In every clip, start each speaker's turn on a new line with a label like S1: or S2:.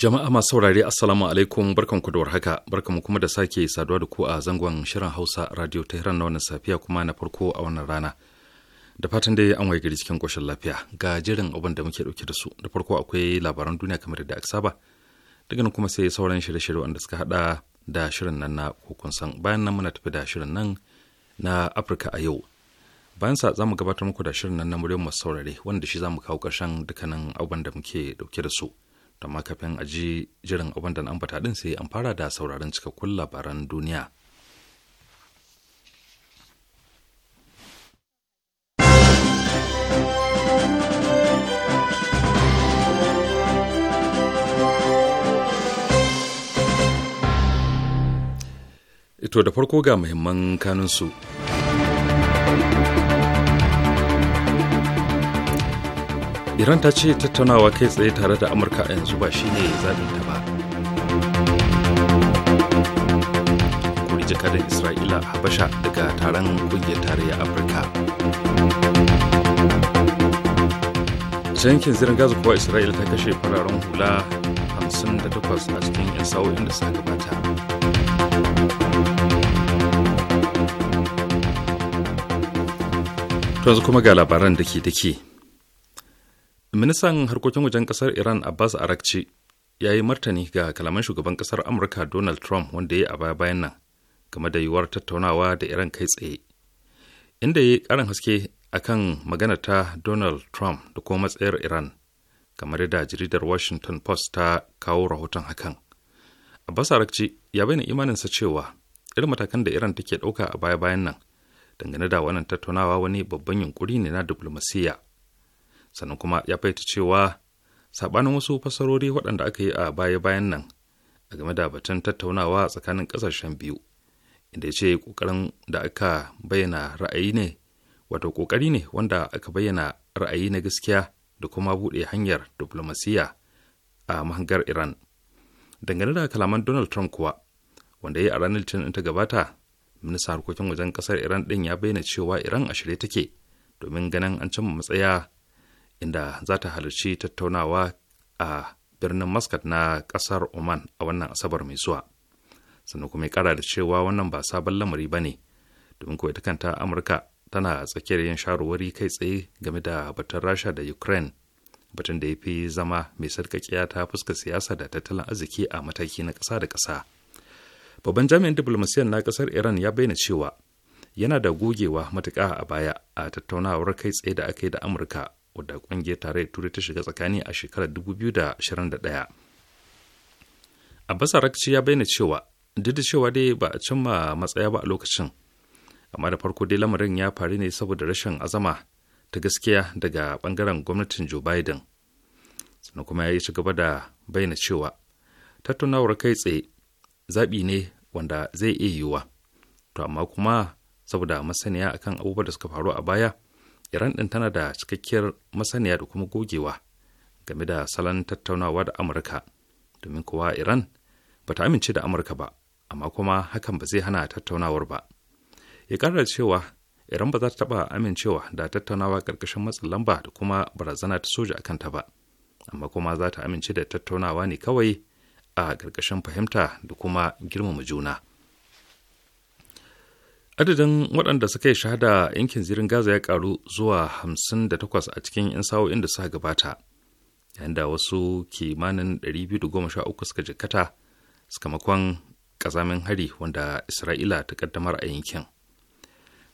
S1: Jama'a masu saurare Assalamu alaikum barkanku da warhaka barkanku kuma da sake saduwa da ku a zangon shirin Hausa Radio Tehran na wannan safiya kuma na farko a wannan rana. Da fatan dai an waye gari cikin koshin lafiya ga jirin abin da muke dauke da su da farko akwai labaran duniya kamar da aka saba daga nan kuma sai sauran shirye-shirye wanda suka hada da shirin nan na kokon san bayan nan muna tafi da shirin nan na Afirka a yau. Bayan sa za mu gabatar muku da shirin nan na muryar masu saurare wanda shi za mu kawo ƙarshen dukkanin abin da muke dauke da su. da a ji jiran abin da na ambata din sai an fara da sauraron cikakkun labaran duniya. Ito da farko ga muhimman kanunsu. iran ta ce tattaunawa kai tsaye tare da amurka a yanzu ba shine ta ba kuri jakadan isra'ila habasha daga taron ƙungiyar tarayyar afirka yankin zirin gaza kuwa isra'ila ta kashe fararen hula 58 a cikin 'yan sa'o'in da suka gabata yanzu kuma ga labaran da ke da ke ministan harkokin wajen kasar iran abbas arakci ya yi martani ga kalaman shugaban kasar amurka donald trump wanda ya yi a baya bayan nan game da yiwuwar tattaunawa da iran kai tsaye inda ya yi karin haske a kan magana ta donald trump da kuma matsayar iran kamar da jaridar washington post ta kawo rahoton hakan abbas arakci ya bayyana imaninsa cewa irin matakan da iran take ɗauka a baya bayan nan dangane da wannan tattaunawa wani babban yunkuri ne na diplomasiyya sannan kuma ya faita cewa saɓanin wasu fasarori waɗanda aka yi a baya-bayan nan a game da batun tattaunawa tsakanin ƙasashen biyu inda ya ce ƙoƙarin da aka bayyana ra'ayi ne wato ƙoƙari ne wanda aka bayyana ra'ayi na gaskiya da kuma buɗe hanyar diflomasiyya a mahangar iran dangane da kalaman donald trump kuwa wanda ya yi a ranar litinin ta gabata ministan harkokin wajen ƙasar iran ɗin ya bayyana cewa iran a shirye take domin ganin an cimma matsaya inda za ta halarci tattaunawa a birnin Muscat na ƙasar Oman a wannan Asabar mai zuwa. Sannan kuma ya ƙara da cewa wannan ba sabon lamari ba ne, domin kuwa ita kanta Amurka tana tsakiyar yin shawarwari kai tsaye game da batun Rasha da Ukraine, batun da ya fi zama mai sarƙaƙiya ta fuska siyasa da tattalin arziki a mataki na kasa da kasa Babban jami'in diplomasiyyar na ƙasar Iran ya bayyana cewa yana da gogewa matuƙa a baya a tattaunawar kai tsaye da aka yi da Amurka wadda kungiyar tarayyar turai ta shiga tsakani a shekarar 2021 abbas arakci ya bayyana cewa duk da cewa dai ba a cimma matsaya ba a lokacin amma da farko dai lamarin ya faru ne saboda rashin azama ta gaskiya daga bangaren gwamnatin joe biden sannan kuma ya yi ci gaba da bayyana cewa tattaunawar kai tsaye zaɓi ne wanda zai iya yiwuwa to amma kuma saboda masaniya akan abubuwan da suka faru a baya iran ɗin tana da cikakkiyar masaniya da kuma gogewa game da salon tattaunawa da amurka domin kuwa iran ba ta amince da amurka ba amma kuma hakan ba zai hana tattaunawar ba ya ƙara cewa iran ba za ta taɓa amincewa da tattaunawa ƙarƙashin matsin lamba da kuma barazana ta soja a kanta ba amma kuma za ta amince da tattaunawa ne kawai a ƙarƙashin fahimta da kuma girmama juna. adadin waɗanda suka yi shahada yankin zirin gaza ya karu zuwa hamsin da takwas a cikin 'yan sa'o'in da suka gabata yayin da wasu kimanin 213 suka jikkata sakamakon kazamin hari wanda isra'ila ta kaddamar a yankin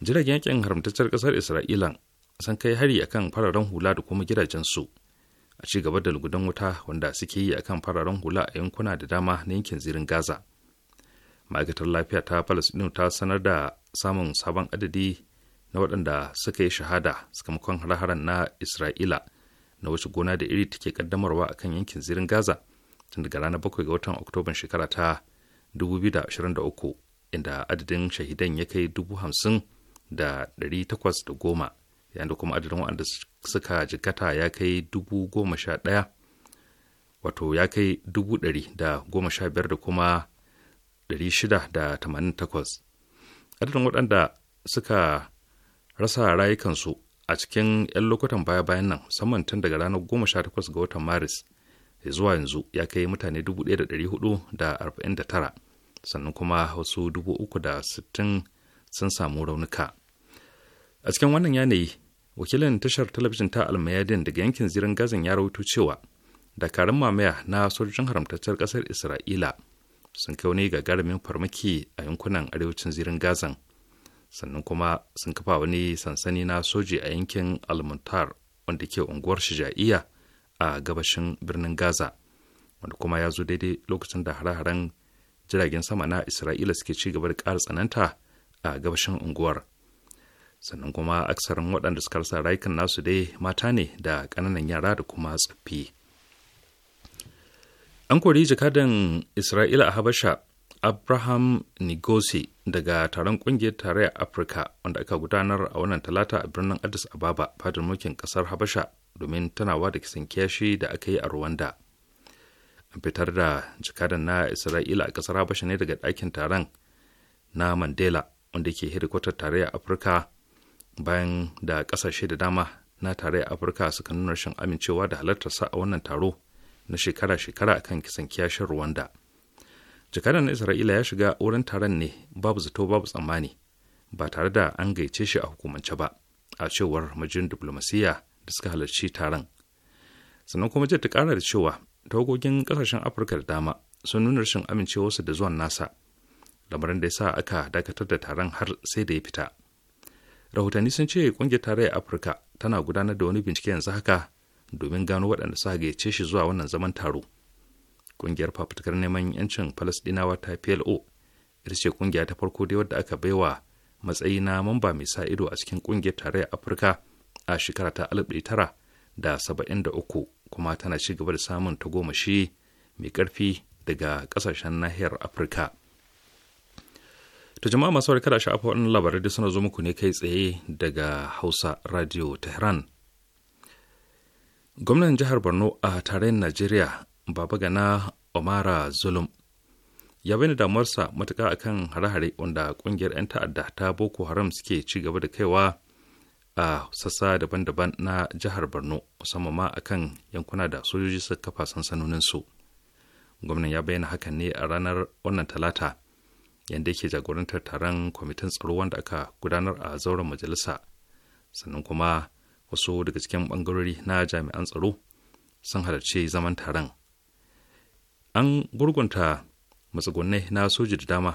S1: jiragen yakin haramtaccen ƙasar isra'ila sun kai hari akan fararen hula da kuma gidajensu a ci gaba da lugudan wuta wanda suke yi akan fararen hula a yankuna da dama na yankin zirin gaza ma'aikatar lafiya ta palestine ta sanar da samun sabon adadi na waɗanda suka yi shahada sakamakon haraharan haren na isra'ila na wasu gona da iri take kaddamarwa a kan yankin zirin gaza tun daga ranar 7 ga watan oktoban shekara ta 2023 inda adadin shahidan ya kai 50,810 yayin da kuma adadin waɗanda suka jikata ya kai 11,000 wato ya kai biyar da kuma 688 adadin waɗanda suka rasa rayukansu a cikin 'yan lokutan baya-bayan nan musamman tun daga ranar 18 ga watan maris zuwa yanzu ya kai mutane 1449 sannan kuma wasu 360 sun samu raunuka a cikin wannan yanayi wakilin tashar talabijin ta almayadin daga yankin zirin gazan ya rawaito cewa dakarun mamaya na sojojin haramtaccen ƙasar isra'ila sun kai wani gagarumin farmaki a yankunan arewacin zirin gazan sannan kuma sun kafa wani sansani na soji a yankin almuntar wanda ke unguwar shija'iya a gabashin birnin gaza wanda kuma ya zo daidai lokacin da hare-haren jiragen sama na isra'ila suke ci gaba da ƙara tsananta a gabashin unguwar sannan kuma aksarin waɗanda suka rasa rayukan nasu dai mata ne da ƙananan yara da kuma tsaffi An kori jakadan Isra'ila a Habasha, Abraham Nigosi daga taron kungiyar tarayyar Afirka wanda aka gudanar a wannan talata a birnin Addis Ababa fadar mulkin kasar Habasha domin tana da kisan kiyashi da aka yi a Rwanda. An fitar da jakadan na Isra'ila a kasar Habasha ne daga ɗakin taron na Mandela wanda ke hedikwatar tarayyar Afirka bayan da ƙasashe da dama na tarayyar Afirka suka nuna rashin amincewa da halartarsa a wannan taro. na shekara-shekara a kan kisan kiyashin Rwanda. Jakadan na Isra'ila ya shiga wurin taron ne babu zato babu tsammani ba tare da an gaice shi a hukumance ba a cewar majin diplomasiyya da suka halarci taron. Sannan kuma ta kara da cewa ta tagogin kasashen Afirka da dama sun nuna rashin amincewarsu da zuwan nasa lamarin da ya sa aka dakatar da taron har sai da ya fita. Rahotanni sun ce kungiyar tarayyar Afirka tana gudanar da wani bincike yanzu haka domin gano waɗanda suka gayyace shi zuwa wannan zaman taro ƙungiyar fafutukar neman yancin falasɗinawa ta plo ita ce ƙungiya ta farko dai wadda aka baiwa matsayi na mamba mai sa ido a cikin ƙungiyar tarayyar afirka a shekara ta tara da da saba'in uku kuma tana ci gaba da samun tagomashi mai ƙarfi daga ƙasashen nahiyar afirka To jama'a masu warkar da sha'afa waɗannan labarai da suna zo muku ne kai tsaye daga Hausa Radio Tehran gwamnan jihar borno a tarayyar najeriya baba gana omara zulum ya bayyana damuwarsa matuka akan hare-hare wanda ƙungiyar 'yan ta'adda ta boko haram suke ci gaba da kaiwa a sassa daban-daban na jihar borno musamman ma akan yankuna da sojoji suka kafa su gwamnan ya bayyana hakan ne a ranar wannan talata yadda yake jagorantar taron kwamitin tsaro wanda aka gudanar a zauren majalisa sannan kuma wasu daga cikin bangarori na jami'an tsaro sun halarci zaman taron an gurgunta matsugunai na soji da dama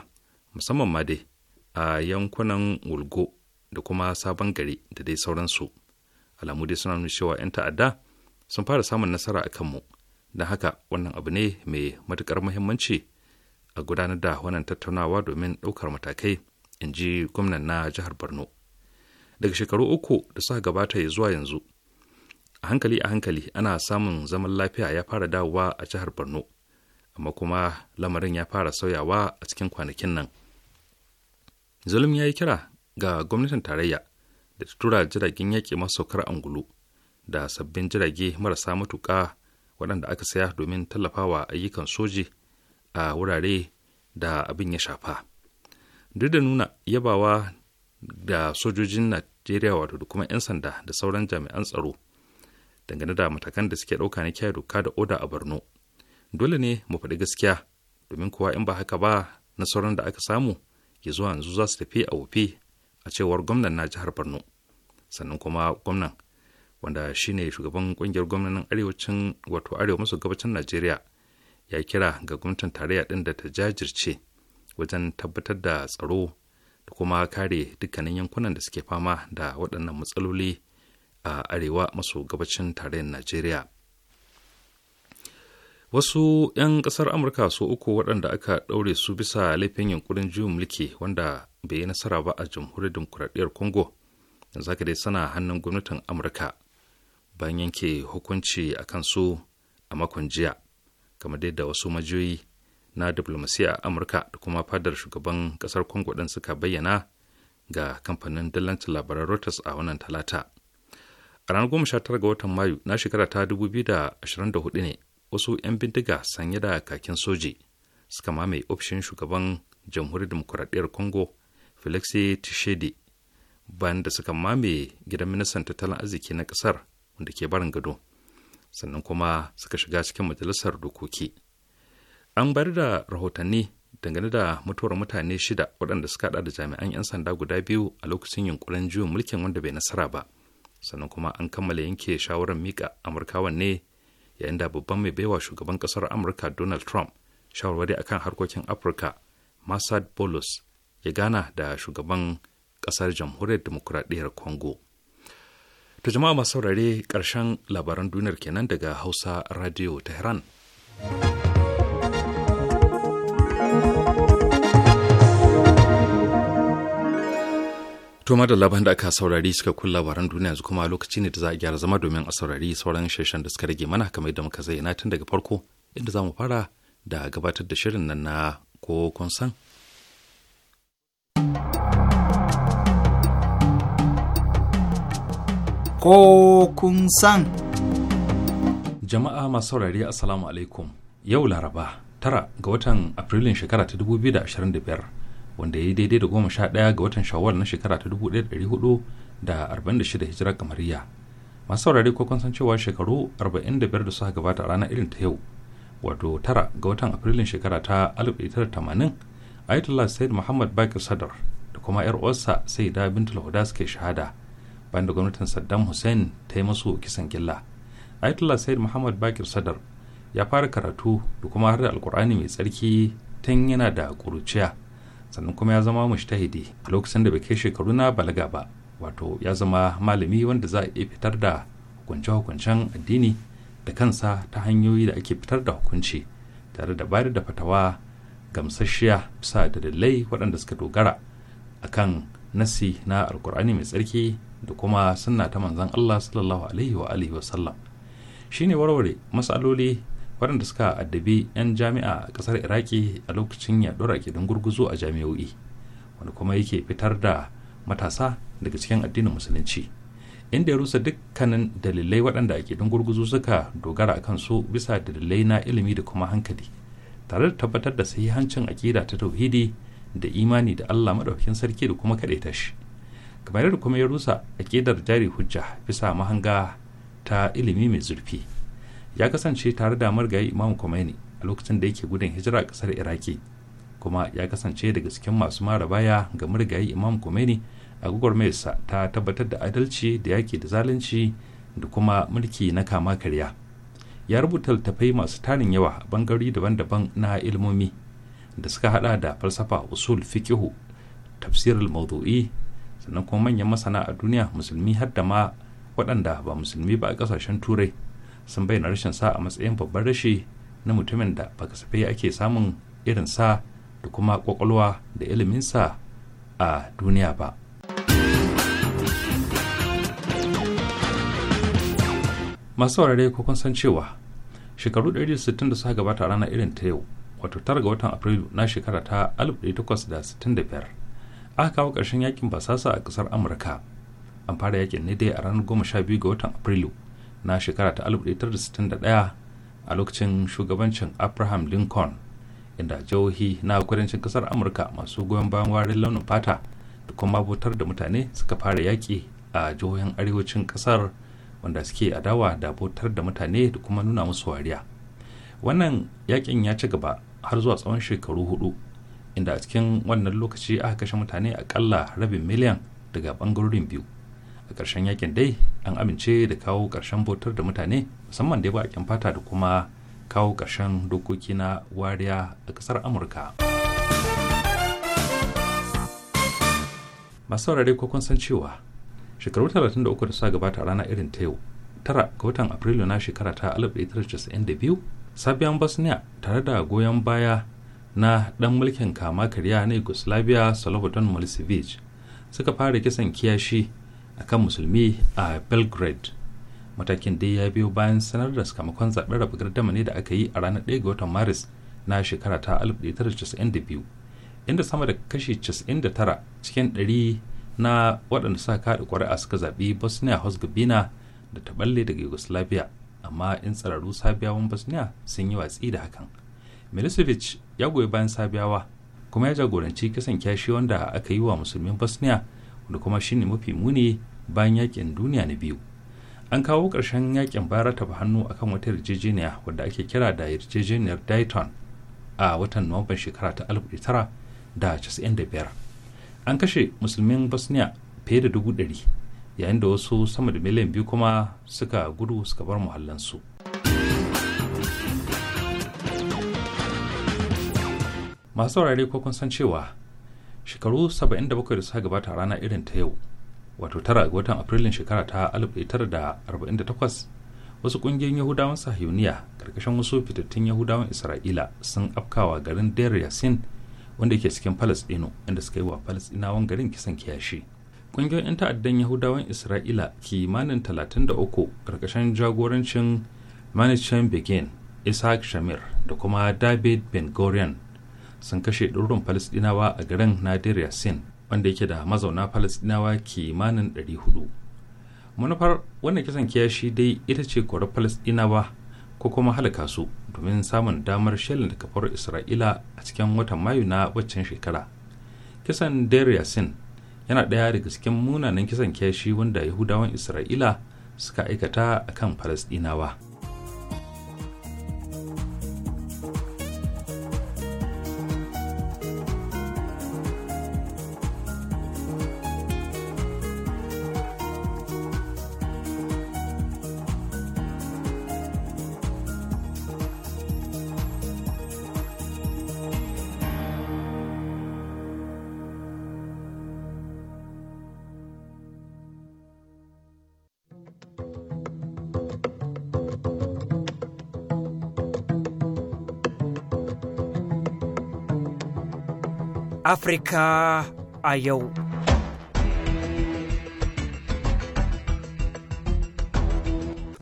S1: musamman ma dai a yankunan wulgo da kuma sabon gari da dai sauransu alamu dai suna nuna cewa 'yan ta'adda sun fara samun nasara a kanmu don haka wannan abu ne mai matuƙar muhimmanci a gudanar da wannan tattaunawa domin ɗaukar matakai in ji gwamnan na jihar borno daga shekaru uku da suka gabata ya zuwa yanzu a hankali a hankali ana samun zaman lafiya ya fara dawowa a jihar borno amma kuma lamarin ya fara sauyawa a cikin kwanakin nan zulum ya yi kira ga gwamnatin tarayya da ta tura jiragen yaƙi masu saukar angulu da sabbin jirage marasa matuƙa waɗanda aka saya domin tallafawa ayyukan soji a wurare da abin ya shafa duk da nuna yabawa da sojojin najeriya wato da kuma 'yan sanda da sauran jami'an tsaro dangane da matakan da suke ɗauka na kiyaye doka da oda a borno dole ne mu faɗi gaskiya domin kuwa in ba haka ba nasarar da aka samu ya zuwa yanzu za su tafi a wufe a cewar gwamnan na jihar borno sannan kuma gwamnan wanda shine shugaban kungiyar gwamnanin arewacin wato arewa maso gabacin najeriya ya kira ga gwamnatin tarayya din da ta jajirce wajen tabbatar da tsaro da kuma kare dukkanin yankunan da suke fama da waɗannan matsaloli a arewa maso gabacin tarayyar najeriya wasu 'yan ƙasar amurka su uku waɗanda aka ɗaure su bisa laifin yankurin juyin mulki wanda bai yi nasara ba a jamhuriyar demokuraɗiyyar congo yanzu aka dai sana hannun gwamnatin amurka bayan yanke hukunci a kan su a makon jiya kamar dai da wasu majiyoyi na diplomasiya a amurka da kuma fadar shugaban kasar congo ɗin suka bayyana ga kamfanin dillancin labaran reuters a wannan talata a ranar goma sha tara ga watan mayu na shekara ta dubu biyu da ne wasu 'yan bindiga sanye da kakin soji suka mamaye ofishin shugaban jamhuriyar demokuraɗiyyar congo felixi tishedi bayan da suka mamaye gidan ministan tattalin arziki na kasar wanda ke barin gado sannan kuma suka shiga cikin majalisar dokoki an bar da rahotanni dangane da mutuwar mutane shida waɗanda suka haɗa da jami'an 'yan sanda guda biyu a lokacin yunkurin juyin mulkin wanda bai nasara ba sannan kuma an kammala yanke shawarar mika amurkawa ne yayin da babban mai baiwa shugaban ƙasar amurka donald trump shawarwari akan harkokin afirka masad bolus ya gana da shugaban ƙasar jamhuriyar demokuraɗiyyar congo ta jama'a masu saurare ƙarshen labaran duniyar kenan daga hausa radio tehran thank you To da labaran da aka saurari suka kulla labaran duniya yanzu kuma lokaci ne da za a gyara zama domin a saurari sauran shirshen da suka rage mana kamar yadda muka zayyana tun daga farko inda za mu fara da gabatar da shirin nan na ko kun san. Ko kun san. Jama'a masu saurari Assalamu alaikum. Yau Laraba, tara ga watan Afrilun shekara ta 2025. wanda ya yi daidai da goma sha ɗaya ga watan shawwal na shekara ta dubu ɗaya ɗari hudu da arba'in da shida hijirar kamariya masu saurare ko kusan cewa shekaru arba'in da biyar da suka gabata a ranar irin ta yau wato tara ga watan afrilun shekara ta alif ɗaya tara tamanin ayatollah sayyid muhammad bakir sadar da kuma yar uwarsa sai da bintul huda suke shahada bayan da gwamnatin saddam hussein ta yi masu kisan gilla ayatollah sayyid muhammad bakir sadar ya fara karatu da kuma har da alkur'ani mai tsarki tun yana da ƙuruciya sannan kuma ya zama mushtahidi a lokacin da bai kai shekaru na balaga ba wato ya zama malami wanda za a iya fitar da hukunce-hukuncen addini da kansa ta hanyoyi da ake fitar da hukunci tare da bayar da fatawa gamsasshiya bisa da dalilai waɗanda suka dogara akan nasi na alkur'ani mai tsarki da kuma sunna ta manzon Allah sallallahu alaihi wa alihi wa sallam shine warware matsaloli waɗanda suka addabi 'yan jami'a a ƙasar iraki a lokacin yaɗuwar akidan gurguzu a jami'o'i wanda kuma yake fitar da matasa daga cikin addinin musulunci inda ya rusa dukkanin dalilai waɗanda ake akidun gurguzu suka dogara a su bisa dalilai na ilimi da kuma hankali tare da tabbatar da sahihancin akida ta tauhidi da imani da Allah maɗaukin sarki da kuma kaɗaita shi kamar da kuma ya rusa akidar jari hujja bisa mahanga ta ilimi mai zurfi ya kasance tare da margayi imam Khomeini a lokacin da yake gudun hijira a kasar iraki kuma ya kasance daga cikin masu mara baya ga margayi imam Khomeini a gwagwarmayarsa ta tabbatar da adalci da yaki da zalunci da kuma mulki na kama karya ya rubuta littattafai masu tarin yawa a bangarori daban-daban na ilmomi da suka hada da falsafa usul fikihu tafsir maudu'i sannan kuma manyan masana a duniya musulmi har da ma waɗanda ba musulmi ba a ƙasashen turai sun bayyana rashin sa a matsayin babban rashi na mutumin da ba kasafai ake samun irin sa da kuma kwakwalwa da ilimin sa a duniya ba masu saurare ko kun san cewa shekaru 160 da suka gabata rana irin ta yau wato tara ga watan afrilu na shekara ta 1865 aka kawo ƙarshen yakin basasa a ƙasar amurka an fara yakin ne dai a ranar 12 ga watan afrilu na shekara ta 1961 a lokacin shugabancin abraham lincoln inda jihohi na kudancin kasar amurka masu goyon bayan warin launin fata da kuma abotar da mutane suka fara yaƙi a jihohin arewacin kasar wanda suke adawa da botar da mutane da kuma nuna musu wariya wannan yakin ya ci gaba har zuwa tsawon shekaru hudu inda a cikin wannan lokaci aka kashe mutane akalla rabin miliyan daga bangarorin biyu a ƙarshen yakin dai an amince da kawo ƙarshen bautar da mutane musamman da ya ba baƙin fata da kuma kawo ƙarshen dokoki na wariya a ƙasar amurka masu saurare ko kun san cewa shekaru 33 da suka gabata a rana irin ta yau tara ga watan afrilu na shekara ta 1992 sabiyan bosnia tare da goyon baya na dan mulkin kama karya na yugoslavia slobodan milosevic suka fara kisan kiyashi akan musulmi a belgrade matakin dai ya biyo bayan sanar da sakamakon zaɓen rabu gardama ne da aka yi a ranar 1 ga watan maris na shekara ta 1992 inda sama da kashi 99 cikin 100 na waɗanda suka kaɗa ƙuri'a suka zaɓi bosnia herzegovina da ta ɓalle daga yugoslavia amma in tsararru sabiyawan bosnia sun yi watsi da hakan milicevic ya goyi bayan sabiyawa kuma ya jagoranci kisan kyashi wanda aka yi wa musulmin bosnia da kuma shine mafi muni bayan yakin duniya na biyu an kawo ƙarshen yakin bara ta hannu akan wata yarjejeniya wadda ake kira da yarjejeniyar dayton a watan nuwamban shekara ta 1995 an kashe musulmin bosnia fiye da dubu ɗari yayin da wasu sama da miliyan biyu kuma suka gudu suka bar muhallansu masu saurare ko kun san cewa shekaru 77 da suka gabata a rana irin ta yau wato tara ga watan afrilun shekara ta 1948 wasu kungiyoyin yahudawan sahiyuniya karkashin wasu fitattun yahudawan isra'ila sun afkawa garin der yasin wanda ke cikin palestino inda suka yi wa palestinawan garin kisan kiyashi kungiyoyin 'yan ta'addan yahudawan isra'ila kimanin uku karkashin jagorancin manichin begin isaac shamir da kuma david ben gurion sun kashe ɗaurin falasɗinawa a garin nadir yasin wanda yake da mazauna falasɗinawa kimanin 400 manufar wannan kisan kiyashi dai ita ce korar falasɗinawa ko kuma halaka su domin samun damar shelin da kafar isra'ila a cikin watan mayu na waccan shekara kisan der yasin yana ɗaya daga cikin munanan kisan kiyashi wanda yahudawan isra'ila suka aikata a kan falasɗinawa
S2: Afrika a yau.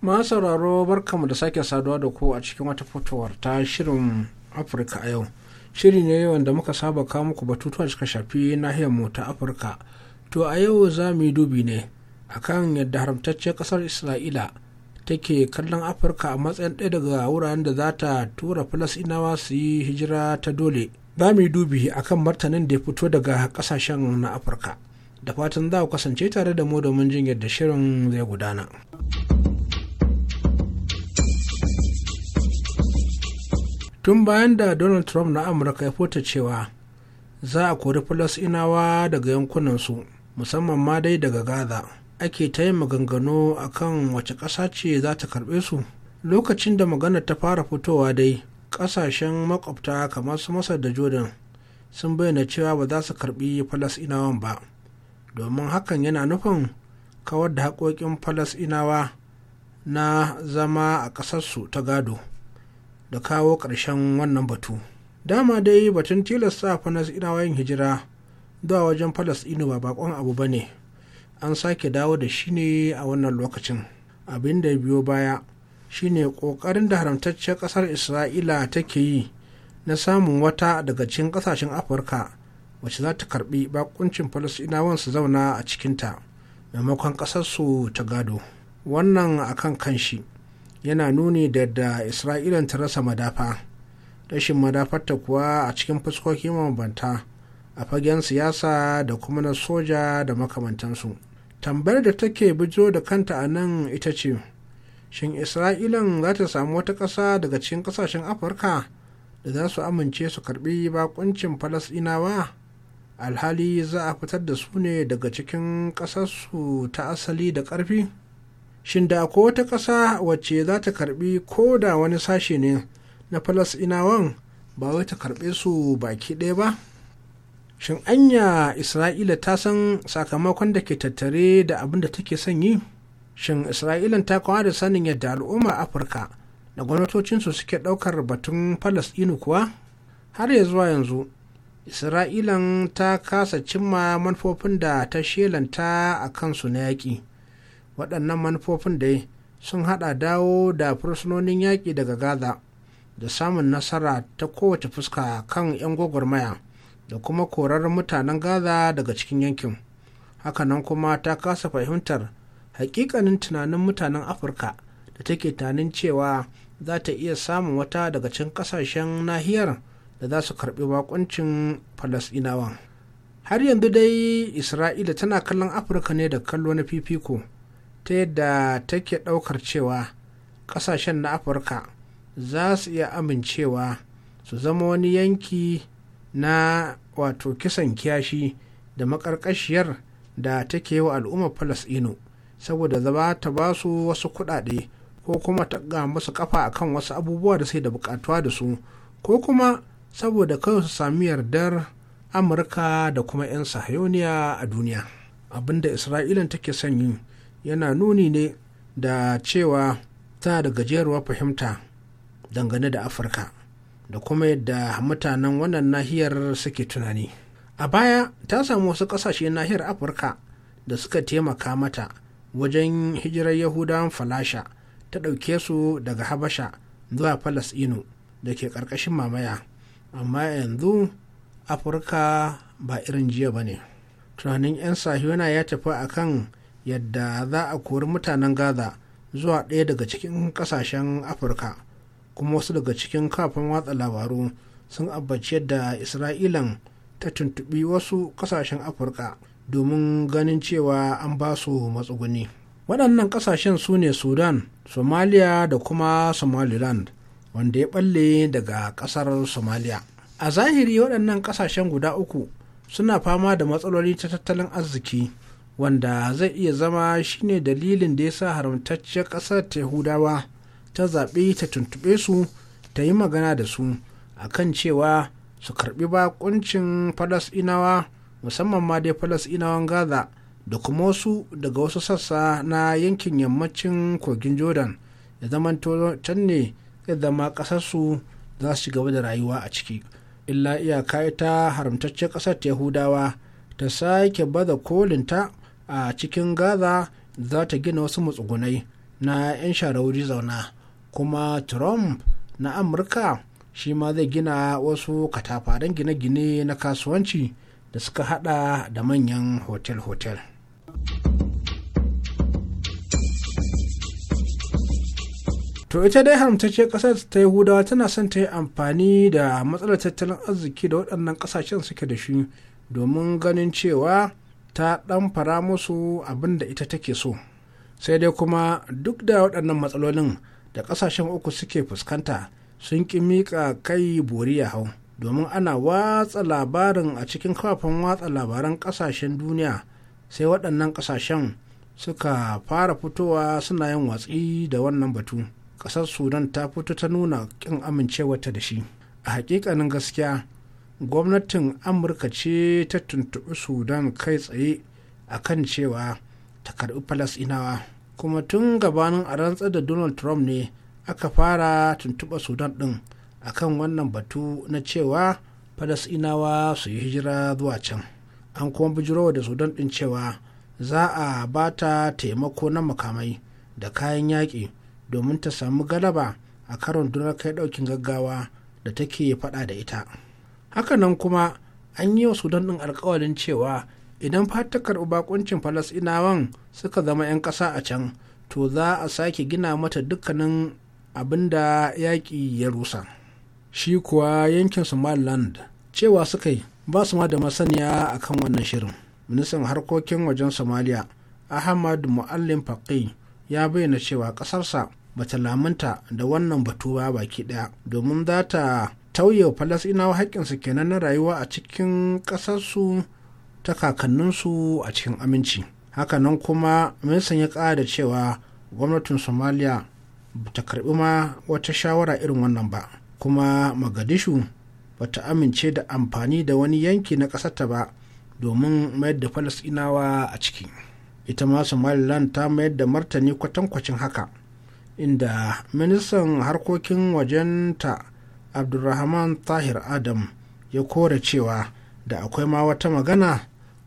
S3: Ma sauraro barkamu da sake saduwa da ku a cikin wata fitowar ta shirin Afirka a yau. Shiri ne wanda muka saba kawo muku batutuwa suka shafi nahiyar mu ta Afirka. To a yau za mu yi dubi ne akan yadda haramtacciyar kasar Isra'ila take kallon Afirka a matsayin ɗaya daga wuraren da za ta tura filas inawa su yi hijira ta dole za mu yi dubi a kan martanin da ya fito daga kasashen na afirka da fatan za ku kasance tare da mu domin jin yadda shirin zai gudana tun bayan da donald trump na amurka ya fota cewa za a kori inawa daga yankunansu musamman ma dai daga gaza ake ta yin maganganu a kan wace ƙasa ce za ta karɓe su lokacin da magana ta fara fitowa dai ƙasashen makwabta kamar su masar da jordan sun bayyana cewa ba za su karbi falasinawan ba domin hakan yana nufin kawar da haƙoƙin falasinawa na zama a ƙasarsu ta gado da kawo ƙarshen wannan batu dama dai batun tilasta falasinawa yin hijira zuwa wajen falasɗinu ba bakon abu ba ne an sake dawo da shi ne a wannan lokacin abin da biyo baya shine ƙoƙarin da haramtacciyar ƙasar isra'ila take yi na samun wata daga cikin ƙasashen afirka wacce za ta karbi bakuncin falasinawan su zauna a cikinta maimakon ƙasarsu ta gado wannan akan kanshi yana nuni da da isra'ilan ta rasa madafa rashin madafarta kuwa a cikin fuskoki mabambanta a fagen siyasa da kuma na soja da makamantansu tambayar da take bijo da kanta a nan ita ce shin isra'ilan za ta samu wata ƙasa daga cikin ƙasashen afirka da za su amince su karbi bakuncin falasɗinawa alhali za a fitar da su ne daga cikin ƙasarsu ta asali da ƙarfi shin da akwai wata ƙasa wacce za ta karbi ko da wani sashe ne na falasɗinawan ba wai ta karbe su baki ɗaya ba shin anya isra'ila ta san sakamakon da ke tattare da abin da take son yi shin isra'ilan ta kawo da sanin yadda al'ummar afirka da gwamnatocinsu suke ɗaukar batun falasɗinu kuwa har ya zuwa yanzu isra'ilan ta kasa cimma manufofin da ta shelanta a kansu na yaƙi waɗannan manufofin da sun haɗa dawo da fursunonin yaƙi daga gaza da samun nasara ta kowace fuska kan 'yan gwagwarmaya da kuma korar mutanen gaza daga cikin yankin hakanan kuma ta kasa fahimtar hakikanin tunanin mutanen afirka da take tunanin cewa za ta iya samun wata daga cikin kasashen nahiyar da za su karbi bakuncin falasɗinawan har yanzu dai isra'ila tana kallon afirka ne da kallo na fifiko ta yadda take ɗaukar cewa ƙasashen na afirka za su iya amincewa su zama wani yanki na wato kisan kiyashi da maƙarƙashiyar da take yi wa al'ummar falasɗinu saboda zama ta ba su wasu kuɗaɗe ko kuma ta ga musu kafa akan wasu abubuwa da sai da bukatuwa da su ko kuma saboda kawai su sami yardar amurka da kuma 'yan sahayoniya a duniya abinda isra'ilan take son yi yana nuni ne da cewa ta da gajeruwar fahimta dangane da afirka da kuma yadda mutanen wannan nahiyar suke tunani a baya ta samu wasu ƙasashe nahiyar afirka da suka taimaka mata wajen hijirar yahudawan falasha ta ɗauke su daga habasha zuwa falasɗinu da ke ƙarƙashin mamaya amma yanzu afirka ba irin jiya ba ne tunanin 'yan sahiyona ya tafi akan yadda za a kori mutanen gaza zuwa ɗaya daga cikin ƙasashen afirka kuma wasu daga cikin kafin watsa labaru sun abbaci yadda isra'ilan ta tuntubi wasu ƙasashen afirka domin ganin cewa an ba su matsuguni waɗannan ƙasashen su ne sudan somalia da kuma somaliland wanda ya ɓalle daga ƙasar somalia a zahiri waɗannan ƙasashen guda uku suna fama da matsaloli ta tattalin arziki wanda zai iya zama shine dalilin da ya sa haramtacciyar ƙasar ta yahudawa ta zaɓi ta tuntuɓe su ta yi magana da su a kan cewa su karɓi baƙuncin falasɗinawa musamman ma dai falasɗinawan gaza da kuma wasu daga wasu sassa na yankin yammacin kogin jordan ya zama can ne zai zama ƙasarsu za su gaba da rayuwa a ciki illa iyaka ita haramtaccen ƙasar yahudawa ta sake baza kolinta a cikin gaza za ta gina wasu matsugunai na 'yan sharauri zauna kuma trump na amurka shi ma zai gina wasu katafaren gine-gine na kasuwanci da suka hada da manyan hotel-hotel. To ita dai haramtacce ƙasar ta Yahudawa tana son ta yi amfani da matsalar tattalin arziki da waɗannan ƙasashen suke da shi domin ganin cewa ta ɗan fara musu abin da ita take so. Sai dai kuma duk da waɗannan matsalolin da ƙasashen uku suke fuskanta sun ƙi miƙa kai bori ya hau. domin ana watsa labarin a cikin kafafen watsa labaran ƙasashen duniya sai waɗannan ƙasashen suka fara fitowa suna yin watsi da wannan batu ƙasar sudan ta fito ta nuna ƙin amincewarta da shi a hakikanin gaskiya gwamnatin amurka ce ta tuntuɓi sudan kai tsaye a kan cewa ta karɓi falasinawa kuma tun gabanin a rantsar da donald trump ne aka fara tuntuɓa sudan ɗin akan wannan batu na cewa falasinawa su yi hijira zuwa can an kuma bijiro da sudan ɗin cewa za a ba ta taimako na makamai da kayan yaƙi domin ta samu galaba a karon dunar kai ɗaukin gaggawa da take faɗa da ita hakanan kuma an yi wa sudan ɗin alkawalin cewa idan fatakar bakuncin falasinawan suka zama 'yan ƙasa a can to za a sake gina mata dukkanin abin da yaƙi ya rusa shi kuwa yankin somaliland cewa suka yi ba su ma da masaniya a kan wannan shirin ministan harkokin wajen somaliya ahmad muallim faqi ya bayyana cewa ƙasarsa ba ta lamunta da wannan batu ba baki ɗaya domin za ta tauye falasɗinawa haƙƙinsu kenan na rayuwa a cikin ƙasarsu ta kakanninsu a cikin aminci hakanan kuma ministan ya ƙara cewa gwamnatin somaliya ba ta karɓi ma wata shawara irin wannan ba kuma magadishu ba ta amince da amfani da wani yanki na ƙasarta ba domin mayar da falasɗinawa a ciki ita ma somaliland ta mayar da martani kwatankwacin haka inda ministan harkokin wajenta abdulrahman tahir adam ya kore cewa da akwai ma wata magana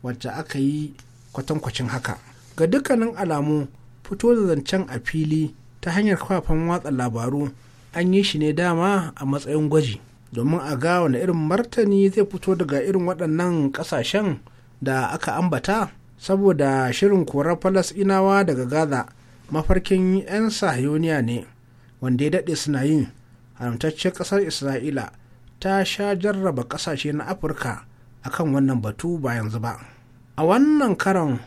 S3: wacce aka yi kwatankwacin haka ga dukkanin alamu fito da zancen a fili ta hanyar kafafen watsa labaru an yi shi ne dama a matsayin gwaji domin a ga wani irin martani zai fito daga irin waɗannan ƙasashen da aka ambata saboda shirin korar falasɗinawa daga gaza mafarkin 'yan sahiyoniya ne wanda ya daɗe suna yin haramtaccen ƙasar isra'ila ta sha jarraba ƙasashe na afirka akan wannan batu ba yanzu ba a wannan karon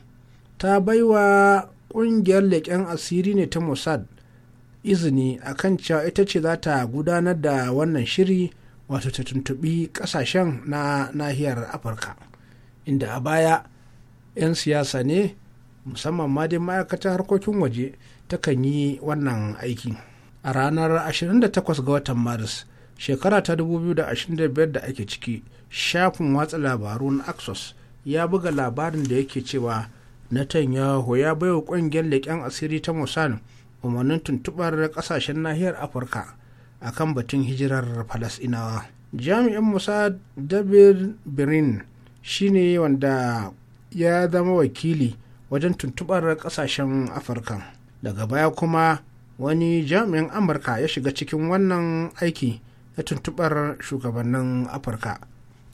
S3: ta baiwa ƙungiyar leƙen asiri ne ta mossad izini a kan cewa ita ce za ta gudanar da wannan shiri wato ta tuntubi kasashen na nahiyar afirka inda a baya 'yan siyasa ne musamman ma dai ma'aikatar harkokin waje takan yi wannan aiki a ranar 28 ga watan maris shekara ta 2025 da ake ciki shafin watsa labaru na axos ya buga labarin da yake cewa netanyahu ya baiwa ƙungiyar leƙen asiri ta musamman. umarnin tuntubar kasashen nahiyar afirka a kan batun hijirar falasinawa jami'in musa david birin shine wanda ya zama wakili wajen tuntubar kasashen afirka daga baya kuma wani jami'in amurka ya shiga cikin wannan aiki na tuntubar shugabannin afirka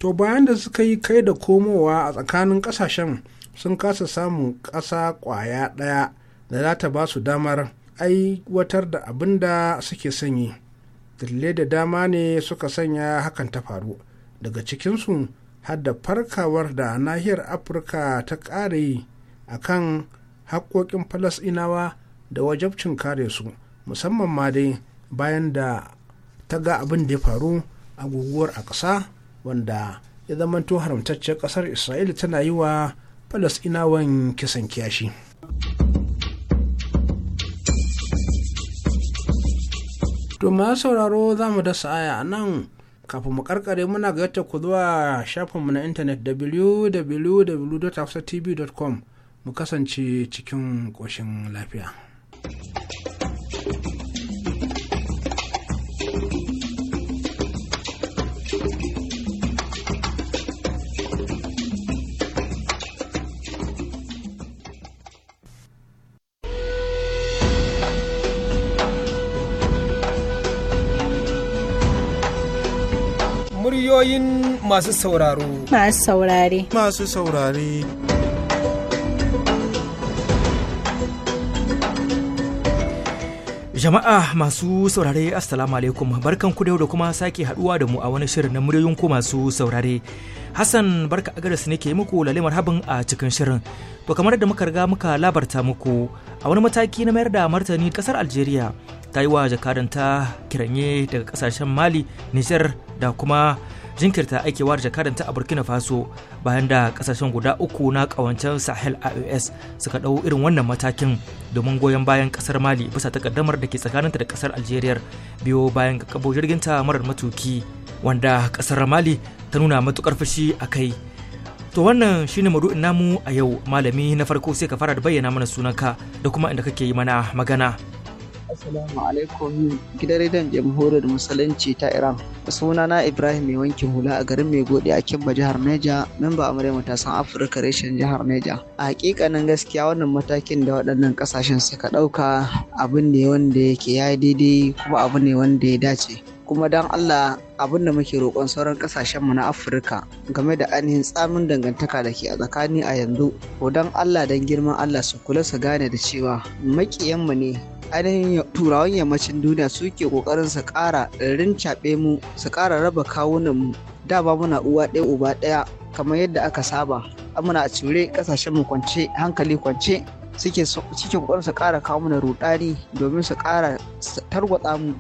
S3: to bayan da suka yi kai da komowa a tsakanin kasashen sun kasa samun ƙasa kwaya ɗaya da za ta ba su damar aiwatar da abin da suke sanyi dalilai da dama ne suka sanya hakan ta faru daga cikinsu har da farkawar da nahiyar afirka ta ƙare a kan haƙoƙin falasɗinawa da wajabcin kare su musamman ma dai bayan da ta ga abin da ya faru a guguwar a ƙasa wanda ya zama zamanto haramtacciyar ƙasar isra'ila tana yi wa falasɗinawan kisan kiyashi. domin sauraro za mu da sa'aya a nan kafin mu karkare muna ga yadda ku zuwa shafinmu na intanet www.hafsatv.com mu kasance cikin ƙoshin lafiya.
S4: masu
S5: sauraro.
S2: Masu saurare. Masu saurare. Jama'a masu saurare Assalamu alaikum barkan ku da yau da kuma sake haduwa da mu a wani shirin na muryoyin ku masu saurare. Hassan barka agar ne ke muku lalimar habin a cikin shirin. To kamar da muka riga muka labarta muku a wani mataki na mayar da martani kasar Algeria ta yi wa jakadanta kiranye daga kasashen Mali, Nijar da kuma jinkirta aikewar jakaranta a burkina faso bayan da kasashen guda uku na kawancen sahel ios suka ɗau irin wannan matakin domin goyon bayan kasar mali bisa takaddamar da ke tsakaninta da kasar algeria biyo bayan kabo ta marar matuki wanda kasar mali ta nuna matukar fushi a kai to wannan shine madu'in namu a yau malami na farko sai ka fara da bayyana mana sunanka da kuma inda kake yi mana magana
S6: Assalamu alaikum gidan rediyon jamhuriyar musulunci ta Iran. na Ibrahim mai wankin hula a garin mai gode a Kimba jihar Neja, memba amurai matasan Afirka reshen jihar Neja. A hakikanin gaskiya wannan matakin da waɗannan ƙasashen suka ɗauka abin ne wanda yake ya daidai kuma abu ne wanda ya dace. kuma don Allah abin da muke roƙon sauran mu na Afirka game da ainihin tsamin dangantaka da ke a tsakani a yanzu ko don Allah don girman Allah su kula su gane da cewa maƙiyanmu ne ainihin turawan yammacin duniya suke kokarin su kara rincaɓe mu su kara raba kawunan mu da ba muna uwa ɗaya uba ɗaya kamar yadda aka saba muna a cure kasashen mu kwance hankali kwance suke kokarin su kara kawo mana rudani domin su kara mu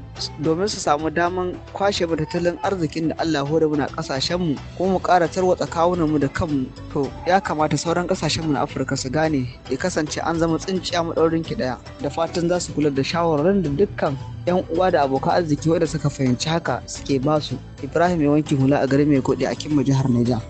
S6: domin su samu daman kwashe mu tattalin arzikin da Allah hore muna kasashen mu ko mu kara tarwatsa kawunan mu da kanmu to ya kamata sauran kasashen mu na Afirka su gane ya kasance an zama tsinciya madaurin ki daya da fatan za su kula da shawarwarin da dukkan yan uwa da abokan arziki wanda suka fahimci haka suke basu Ibrahim ya wanki hula a garin mai kodi a kimma jihar Niger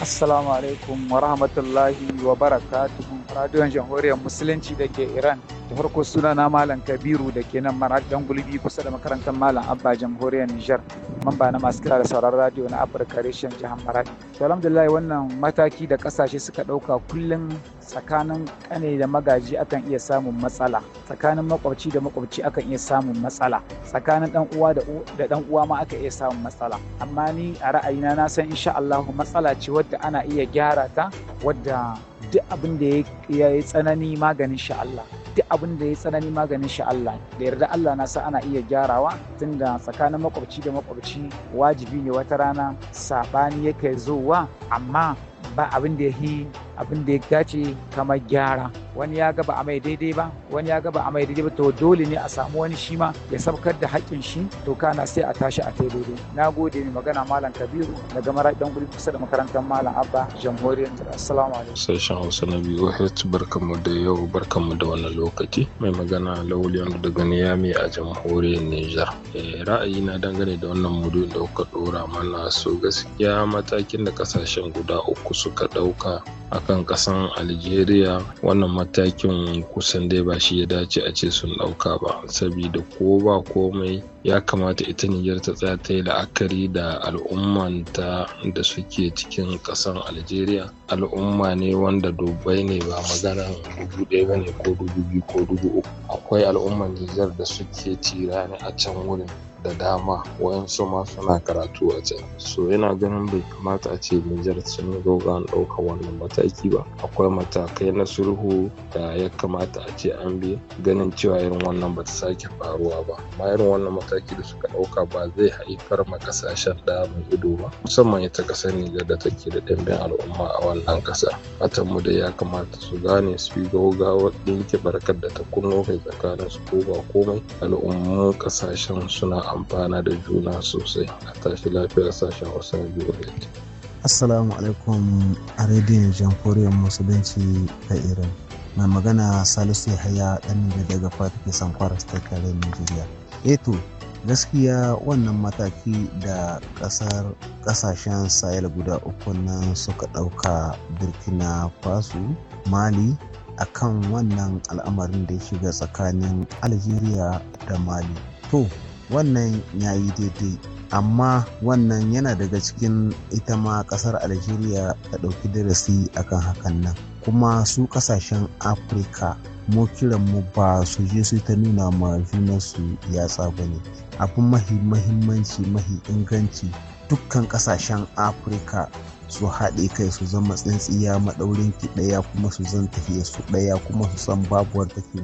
S4: Assalamu alaikum wa rahmatullahi wa barakatuhu radiyon jamhuriyar musulunci da ke Iran da farko suna na Malam Kabiru da ke nan dan gulbi kusa da makarantar Malam Abba jamhuriyar Nijar mamba na masu kira da sauran radiyo na Afirka reshen jihar Maradi. To alhamdulillah wannan mataki da kasashe suka ɗauka kullum tsakanin kane da magaji akan iya samun matsala tsakanin makwabci da makwabci akan iya samun matsala tsakanin dan uwa da dan uwa ma aka iya samun matsala amma ni a ra'ayina na san insha Allah matsala ce wadda ana iya gyara ta wadda duk abin da ya yi tsanani maganin sha'alla duk abin da ya tsanani maganin shi Allah da yarda Allah na sa ana iya gyarawa tunda tsakanin makwabci da makwabci wajibi ne wata rana saɓani yake zowa amma ba abin da ya yi abin da ya dace kamar gyara wani ya gaba a mai daidai ba wani ya gaba a mai daidai ba to dole ne a samu wani shi ma ya sabkar da haƙƙin shi to kana sai a tashi a tai na gode mai magana malam kabiru daga maraɗin guri kusa da makarantar malam abba jamhuriyar assalamu alaikum
S7: sashen hausa na biyu hajj barkanmu da yau barkanmu da wannan lokaci mai magana lauliyan daga niyami a jamhuriyar nijar eh, ra'ayi na dangane da wannan mudu da kuka ɗora mana su gaskiya matakin da kasashen guda uku suka ɗauka kan kasan algeria wannan matakin kusan dai ba shi ya dace a ce sun ɗauka ba saboda ko ba komai ya kamata ita niyyar ta tsaya ta yi la'akari da al'ummanta da suke cikin kasan algeria al'umma ne wanda dubbai ne ba magana dubu ɗaya ba ne ko dubu biyu ko dubu uku akwai al'umman nijar da suke tira ne a can wurin da dama wayansu ma suna karatu a can so yana ganin bai kamata a ce Nijar sun gauga ɗaukar wannan mataki ba akwai matakai na sulhu da ya kamata a ce an bi ganin cewa irin wannan ba ta sake faruwa ba amma irin wannan mataki da suka ɗauka ba zai haifar ma ƙasashen da mai ido ba musamman ita ƙasar Nijar da take da ɗimbin al'umma a wannan ƙasa fatan mu dai ya kamata su gane su yi gaugawa ɗinki barkar da ta kunno kai tsakanin su ko ba komai al'ummun ƙasashen suna amfana da juna sosai a tashi lafiyar sashen wasu biyu
S8: assalamu alaikum a rediyon jamhuriyar musulunci ta irin mai magana salisu haya dan da daga fatike sankwara state kare nigeria eto eh gaskiya wannan mataki da kasar kasashen sahel guda uku nan suka dauka burkina faso mali akan wannan al'amarin da ya shiga tsakanin algeria da mali to wannan ya yi daidai amma wannan yana daga cikin ita ma kasar algeria ta ɗauki darasi akan hakan nan kuma su kasashen afirka mu mu ba su je su ta nuna ma junansu ya tsaba ne abin mahi mahimmanci mahi inganci dukkan kasashen afirka su haɗe kai su zama tsintsiya maɗaurin ki ɗaya kuma su zan tafiya su ɗaya kuma su san babuwar take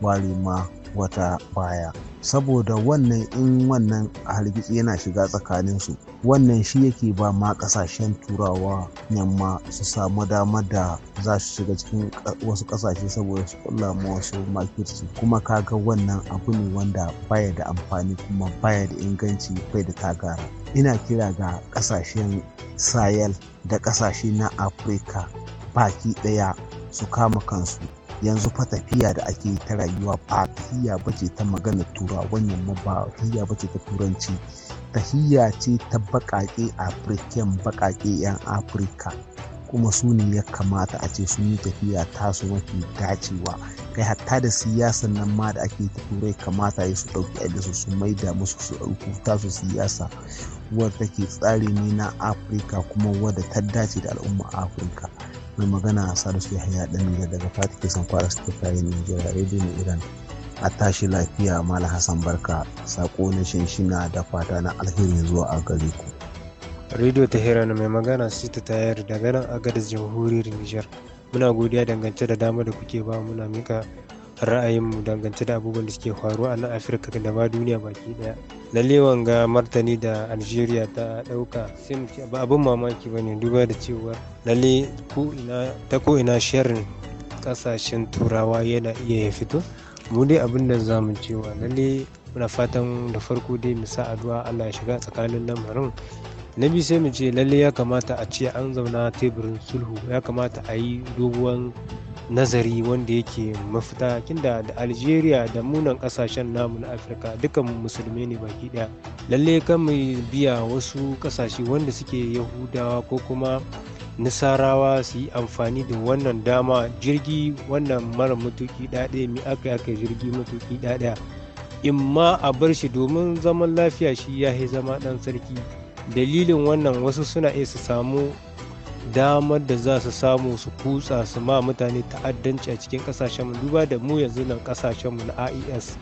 S8: ware ma wata baya saboda wannan in wannan hargitsi yana shiga tsakaninsu wannan shi yake ba ma kasashen turawa yamma su samu dama da za su shiga cikin wasu kasashe saboda su kulla ma wasu makirci kuma kaga wannan abu ne wanda baya da amfani kuma baya da inganci bai da tagara ina kira ga kasashen sahel da kasashe na afirka baki daya su kama kansu yanzu fa tafiya da ake ta rayuwa ba tafiya ba ce ta magana wannan ma ba tafiya ba ce ta turanci tafiya ce ta baƙaƙe Afirka, baƙaƙe 'yan afirka kuma su ne ya kamata a ce sun yi tafiya su mafi dacewa kai hatta da siyasa nan ma da ake ta turai kamata ya su ɗauki ailinsu su maida musu su ta tasu siyasa wadda ke tsari ne na afirka kuma wadda ta dace da al'umma afirka mai magana salisu yahaya ɗan daga fati san kwara suke kayan nigeria rediyo iran a tashi lafiya mala hassan barka sako na shinshina da fata na alheri zuwa a gare ku
S9: rediyo ta hera mai magana ta tayar gana a agadis jamhuriyar nijar muna godiya dangance da dama da kuke ba muna mika ra'ayinmu dangance da abubuwan da suke faruwa a nan afirka da ma duniya baki daya lallai wanga martani da algeria ta dauka sai mu ba abin mamaki ba ne duba da cewa lalle ta ko'ina ina kasashen turawa yana iya ya fito mu dai abin da za mu cewa lalle muna fatan da farko dai mu sa addu'a allah ya shiga tsakanin lamarin na biyu sai mu ce lalle ya kamata a ce an zauna teburin sulhu ya kamata a yi doguwan nazari wanda yake mafita kinda da algeria da munan kasashen namu na afirka dukan musulmi ne baki daya lalle kan mu biya wasu kasashe wanda suke yahudawa ko kuma nasarawa su yi amfani da wannan dama jirgi wannan mara matuki ɗaɗe mi aka aka jirgi matuki ɗaɗe in ma a bar shi domin zaman lafiya shi ya zama ɗan sarki dalilin wannan wasu suna iya su samu damar da za su samu su kutsa su ma mutane ta'addanci a cikin kasashen mu duba da mu yanzu nan kasashen mu na AES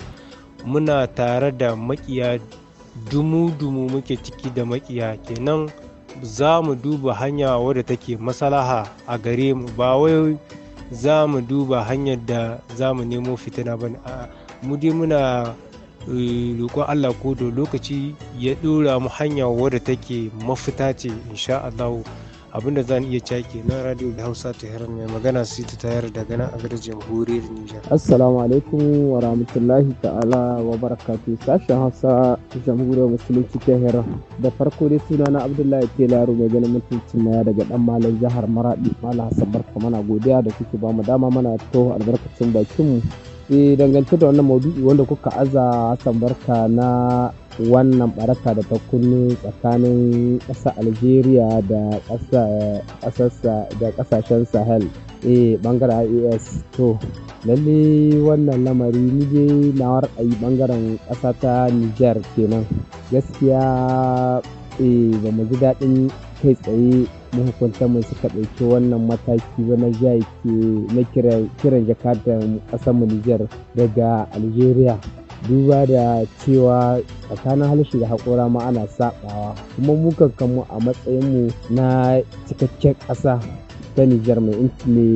S9: muna tare da makiya dumu-dumu muke ciki da makiya kenan za mu duba hanya wadda take masalaha a gare mu ba wai za mu duba hanyar da za mu nemo fitina ba mu dai muna eh, roƙon Allah ko da lokaci ya ɗora mu hanya wadda take mafita ce insha Allah abinda zan iya caki na radio da hausa ta heran mai magana sai ta tayar daga nan a gadar jamhuriyar
S10: nijar
S11: assalamu alaikum wa rahmatullahi ta'ala wa barakatuh sashen hausa jamhuriyar musulunci ta heran da farko dai suna na abdullahi telaro mai ganin mutuncin maya daga dan malam jihar maradi malam hassan barka mana godiya da kuke ba mu dama mana to albarkacin bakin mu eh dangance da wannan maudu'i wanda kuka aza Hassan Barka na wannan baraka da ta tsakanin ƙasa Algeria da da ƙasashen Sahel eh bangaren is to lalle wannan lamari ni dai na ayi bangaren ƙasa ta Niger kenan gaskiya eh ba mu ji daɗin kai tsaye mahukunta mai suka ɗauki wannan mataki na jai ke na kiran jakadan ƙasar mu Nijar daga Algeria duba da cewa tsakanin halshi da haƙora ma ana saɓawa kuma mu kanmu a matsayinmu na cikakken ƙasa ta Nijar mai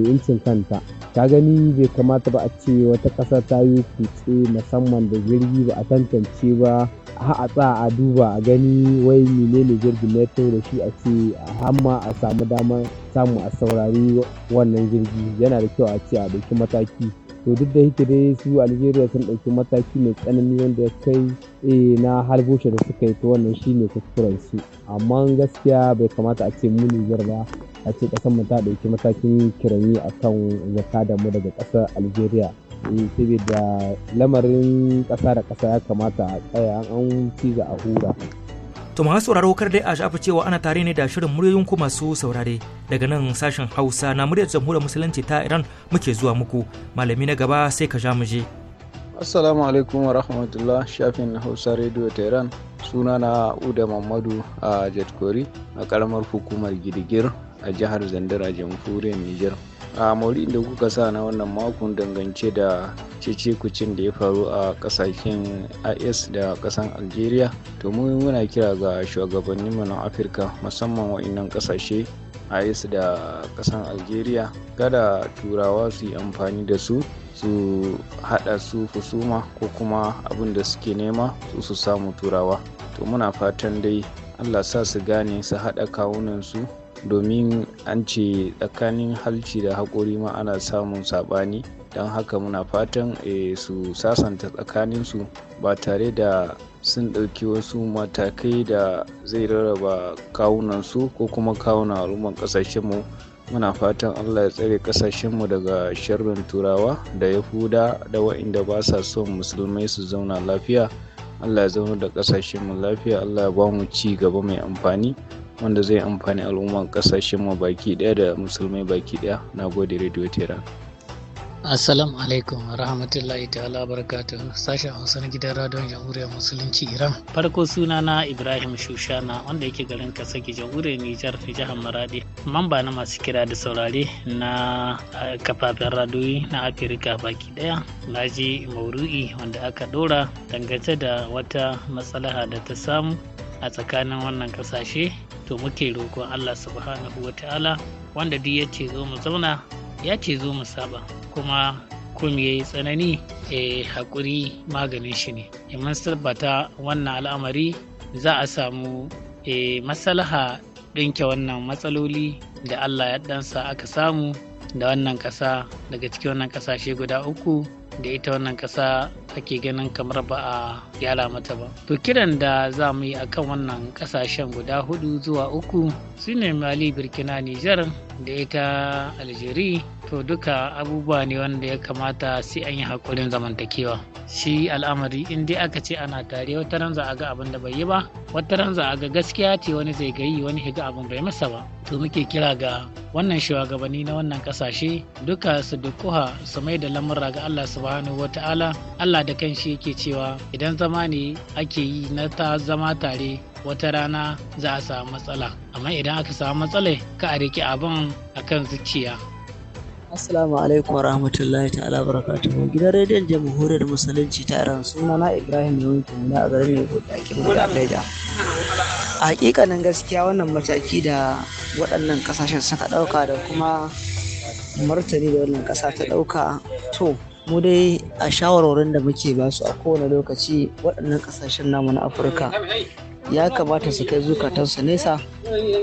S11: incin kanta ka gani bai kamata ba a ce wata ƙasa ta yi kutse musamman da jirgi ba a tantance ba a tsa a duba a gani wai menene jirgin ya da shi a ce hamma a samu damar samu a saurari wannan jirgi yana da kyau a ce a dauki mataki to duk da yake dai su algeria sun ɗauki mataki mai tsanani wanda ya kai eh, na halboshe da suka yi ta wannan shi kuskuren su amma gaskiya bai kamata a ce mu nijar ba a ce ƙasar mu ta ɗauki matakin kiranyi akan da mu daga kasar algeria Eh, saboda lamarin ƙasa da ƙasa ya kamata a tsaya an ci ga a hura
S2: To masu sauraro kar dai a shafa cewa ana tare ne da shirin muryoyin ku masu saurare daga nan sashen Hausa na muryar jamhuriyar musulunci ta Iran muke zuwa muku malami na gaba sai ka ja mu je.
S12: Assalamu alaikum wa rahmatullah shafin Hausa Radio Iran suna na Uda Mamadu a Jatkori a karamar hukumar Gidigir a jihar Zandar a jamhuriyar Nijar. a maulidin da kuka sa na wannan makon dangance da cece da ya faru a kasashen is da kasan algeria to mu muna kira ga shugabanninmu na afirka musamman wa'annan kasashe is da kasan algeria kada turawa su yi amfani da su su hada su fusuma ko kuma abin da suke nema su su samu turawa to muna fatan dai allah sa su gane su hada su. domin an ce tsakanin halci da haƙori ma ana samun saɓani don haka muna fatan eh, su sasanta tsakaninsu ba tare da sun ɗauki wasu matakai da zai rarraba kawunansu ko kuma kawunan al'umman ƙasashenmu muna fatan allah ya tsare ƙasashenmu daga sharrin turawa da yahuda da wa'inda ba sa son musulmai su zauna lafiya allah ya zauna da ƙasashenmu lafiya allah ya ba mu ci gaba mai amfani wanda zai amfani al'umman kasashen mu baki daya da musulmai baki daya na gode radio tera
S13: Assalamu alaikum rahmatullahi ta'ala barakatu sashen Hausa na gidan radon jamhuriyar musulunci Iran. Farko suna na Ibrahim Shushana wanda yake garin Kasaki jamhuriyar Nijar jihar Maradi. Mamba na masu kira da saurare na eh, kafafen radoyi na Afirka baki daya. Na ji mauru'i wanda aka dora dangance da wata matsalaha da ta samu a tsakanin wannan kasashe to muke roƙon Allah subhanahu ta'ala wanda duk ya ce zo mu zauna ya ce zo mu saba kuma kum ya yi tsanani e haƙuri maganin shi ne eh, mun sabbata wannan al'amari za a samu e eh, masalaha ɗinke wannan matsaloli da Allah ya ɗansa aka samu da wannan ƙasa daga cikin wannan ƙasashe guda uku da ita wannan ƙasa ake ganin kamar ba a gyara mata ba. To kiran da za mu yi akan wannan ƙasashen guda hudu zuwa uku su ne Mali Burkina Nijar da ita aljeri to duka abubuwa ne wanda ya kamata sai an yi haƙurin zamantakewa shi al'amari in dai aka ce ana tare wata ran za a ga abin da bai yi ba wata ran za a ga gaskiya ce wani zai gayi wani higa abin bai masa ba to muke kira ga wannan shugabanni na wannan kasashe duka su dukuha su mai da lamura ga Allah subhanahu ta'ala. Allah da kanshi yake cewa idan zama ne ake yi na ta zama tare wata rana za a samu matsala amma idan aka samu matsala ka a riƙe abin kan zuciya
S6: Assalamu alaikum warahmatullahi ta'ala barakatuhu. Gidan rediyon Jamhuriyar Musulunci ta Iran suna na Ibrahim Yawanci na a garin Yego da ake da Abuja. A hakikanin gaskiya wannan mataki da waɗannan ƙasashen suka ɗauka da kuma martani da wannan ƙasa ta ɗauka to mu dai a shawarwarin da muke basu a kowane lokaci waɗannan ƙasashen namu na Afirka ya kamata su kai zukatansu nesa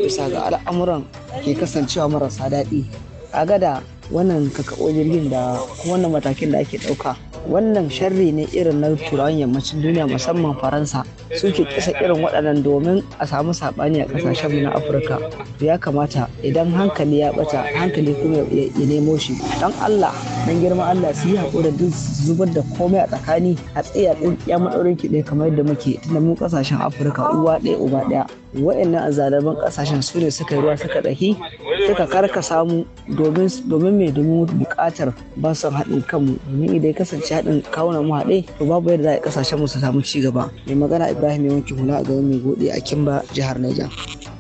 S6: bisa ga al'amuran ke kasancewa marasa daɗi a gada wannan kakaɓo jirgin da wannan matakin da ake ɗauka wannan sharri ne irin na turawan yammacin duniya musamman faransa suke kisa irin waɗannan domin a samu saɓani a ƙasashenmu na afirka ya kamata idan hankali ya ɓata hankali kuma ya nemo shi don allah don girma allah su yi haƙuri duk zubar da komai a tsakani a tsaye tsaya ya maɗaurin kiɗe kamar yadda muke tunanin mu ƙasashen afirka uwa ɗaya uba ɗaya wa'annan azalaban kasashen su ne suka yi ruwa suka ɗaki suka karka samu domin mai domin buƙatar ba su haɗin kanmu domin idan ya kasance haɗin kawunan mu haɗe to babu yadda za a yi kasashen mu su samu ci gaba mai magana ibrahim yawanci hula a garin mai gode a kimba jihar niger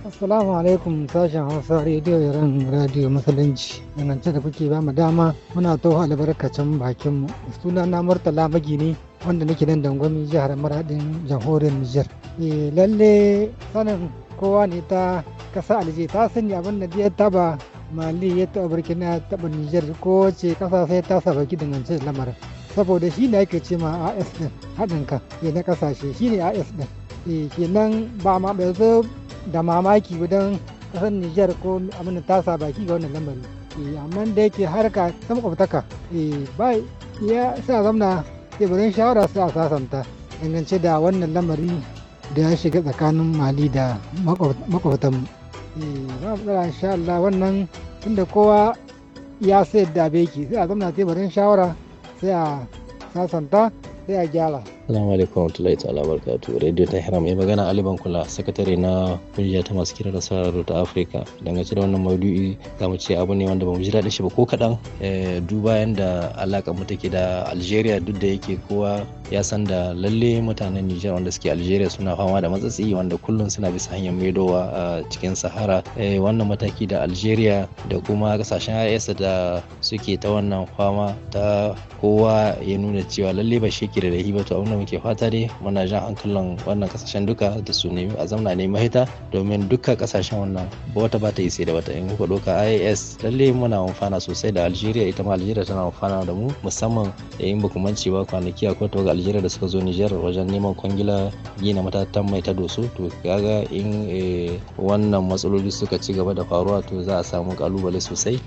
S14: Assalamu alaikum sashen Hausa Radio Iran Radio Musulunci. Dangance da kuke ba mu dama muna toho albarkacin bakinmu. Suna na Murtala Magini wanda nake nan dangwami jihar maradin jamhuriyar Nijar. Eh, lalle sanin kowa ne ta kasa alje ta sani abin da ya taba mali ya taba burkina ya taba Nijar ko ce kasa sai ta saba gidan dangance lamarin saboda shi ne ake ce ma AS din haɗin ka ke na kasashe shi ne AS din eh, nan ba ma bai zo da mamaki wajen kasar Nijar ko abin da ta saba ki ga wannan lamarin eh, amma da yake harka ta makwabtaka ba ya sa zamna teburin shawara sai a sasanta dangance da wannan lamari da ya shiga tsakanin mali da makwabtan ba eh, insha Allah wannan tunda kowa ya sayar da beki sai a zamana teburin shawara sai a sasanta sai a gyara
S5: Assalamu alaikum warahmatullahi ta'ala barkatu. Radio ta Hiram ya magana Ali Bankula, sakatare na kungiya ta masu kiran sauraro ta Afrika. Dangace da wannan maudu'i za mu ce abu ne wanda ba mu ji daɗin shi ba ko kaɗan. Eh, duba yadda alaƙa mu take da Algeria duk da yake kowa ya san da lalle mutanen Nijar wanda suke Algeria suna fama da matsatsi wanda kullum suna bisa hanyar maidowa a cikin Sahara. Eh, wannan mataki da Algeria da kuma kasashen IS da suke ta wannan fama ta kowa ya nuna cewa lalle ba shi ke da rahi ba to muke fata dai muna jan hankalin wannan kasashen duka da su nemi a zamana ne mahita domin duka kasashen wannan ba wata ba ta yi sai da wata in kuka doka IAS lalle muna amfana sosai da Algeria ita ma Algeria tana amfana da mu musamman yayin eh, ba kuma ba kwanaki akwai tawaga Algeria da suka zo Niger wajen neman kwangila gina matatan mai ta doso to kaga in eh, wannan matsaloli suka ci gaba da faruwa to za a samu kalubale sosai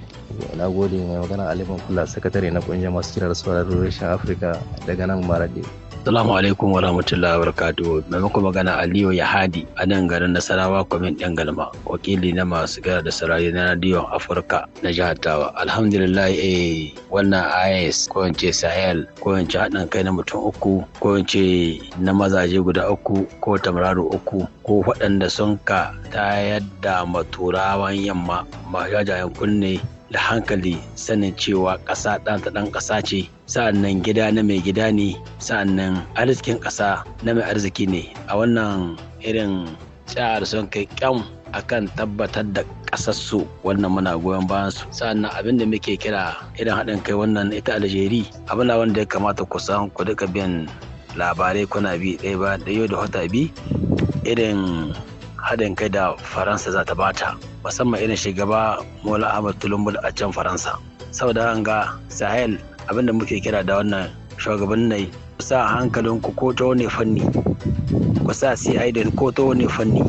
S5: na gode mai magana aliman kula sakatare na kungiyar masu kira da sauran rashin afirka daga nan maradi
S15: Assalamu alaikum wa rahmatullahi wa barakatuhu. Maimakon magana Aliyu Yahadi a nan garin Nasarawa kwamin ɗan galma, wakili na masu gara da sarari na radiyon Afirka na jihar Tawa. Alhamdulillah eh wannan IS ko in ce Sahel ko in ce haɗin kai na mutum uku ko in ce na mazaje guda uku ko tamararo uku ko waɗanda sun ka ta yadda maturawan yamma ma jajayen kunne da hankali sanin cewa ƙasa ɗan ta ɗan ƙasa ce sa'an gida na mai gida ne sa'an arzikin ƙasa na mai arziki ne a wannan irin tsayar sun kai kyam akan tabbatar da kasassu wannan muna goyon bayan su sa'annan abin da muke kira irin haɗin kai wannan ita aljeri abin wanda ya kamata ku san ku duka bin labarai kuna bi ɗaya ba ɗaya da wata bi irin haɗin kai da faransa za ta bata musamman irin shugaba Mola Ahmed Tulumbu a can Faransa. Saboda hanga Sahel abinda muke kira da wannan shugabannin ku sa hankalin ku ko ta wani fanni ku sa CID ko ta wani fanni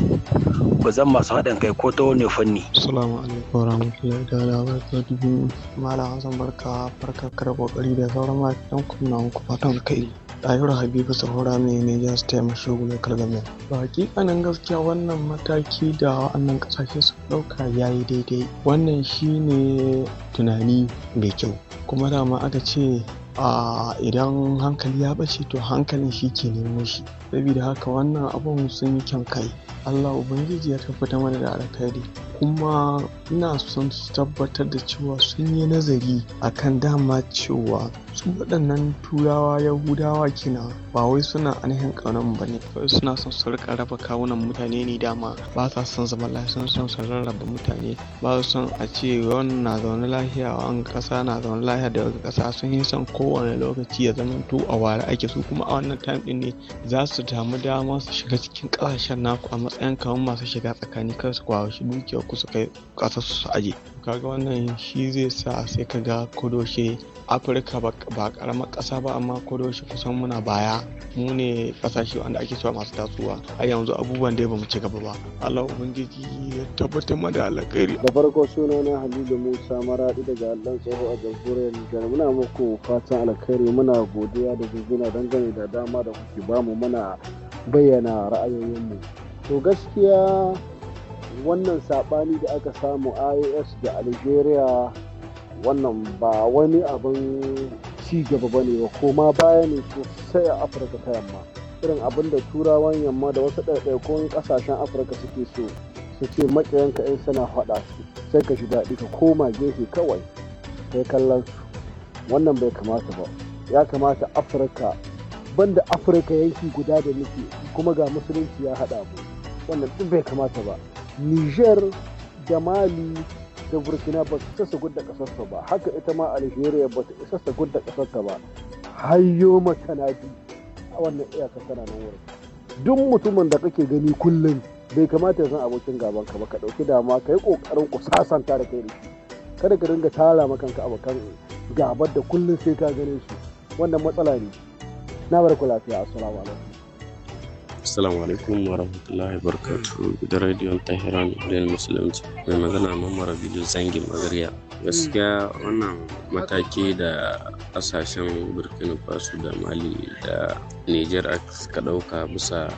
S15: ku zan masu haɗin kai ko ta wani fanni.
S16: Salamu alaikum warahmatullahi ta'ala barakatuhu Malam Hassan barka barka kar kokari da sauran ma'aikatan ku na ku fatan kai. Ɗahiru Habibu Sahura mai Niger State Mashogu Local Government. Ba hakikanin gaskiya wannan mataki da wa'annan kasashe su ɗauka ya yi daidai. Wannan shi ne tunani mai kyau. Kuma dama aka ce a idan hankali ya ɓace to hankalin shi ke nemo shi. Sabida haka wannan abun sun yi kyan kai. Allah Ubangiji ya tabbatar mana da alkhairi kuma ina son su tabbatar da cewa sun yi nazari akan dama cewa su waɗannan turawa yahudawa kina ba wai suna ainihin ƙaunar ba ne kawai suna son su rika raba kawunan mutane ne dama ba sa son zaman lafiya son su rarraba mutane ba su son a ce wannan na zaune lafiya wani ƙasa na zaune lafiya da wata ƙasa sun yi son kowane lokaci ya zama to a ware ake su kuma a wannan time ɗin ne za su damu dama su shiga cikin ƙasashen naku a matsayin kamar masu shiga tsakani kar su shi dukiyar ku su kai ƙasar su aje kaga wannan shi zai sa sai ka ga kodoshe afirka ba karamar ƙasa ba amma kodoshe kusan muna baya mu ne ƙasashe wanda ake cewa masu tasowa a yanzu abubuwan da ba ci gaba ba allah ubangiji ya tabbatar mana alkhairi da farko
S17: suna halilu musa maraɗi daga allon tsoro a jamhuriyar nijar muna muku fatan alkhairi muna godiya da zuzuna dangane da dama da kuke bamu muna bayyana ra'ayoyinmu to gaskiya wannan saɓani da aka samu ios da algeria wannan ba wani abin ci gaba ba ne ba koma baya ne sosai a afirka ta yamma irin abin da turawan yamma da wasu ɗaiɗaikun ƙasashen afirka suke so su ce maƙiyanka in suna faɗa su sai ka shi daɗi ka koma gefe kawai kai kallon su wannan bai kamata ba ya kamata afirka banda afirka yanki guda da muke kuma ga musulunci ya haɗa mu wannan duk bai kamata ba niger da mali da burkina ba su isa gudda kasarsa ba haka ita ma algeria ba su isa su gudda kasarsa ba hayo matanadi a wannan iyakar tana nan wurin duk mutumin da kake gani kullum bai kamata ya san abokin gaban ka ba ka dauki dama ka yi kokarin ku sasanta da kai da kada ka dinga tara makanka abokan gabar da kullum sai ka gane su wannan matsala ne na bar ku lafiya assalamu alaikum
S18: Assalamu alaikum wa rahmatullahi da radiyon Tahiran da Musulunci mai magana mamara bidiyo zangin magariya. Gaskiya wannan mataki da kasashen Burkina Faso da Mali da Nijar ka ɗauka bisa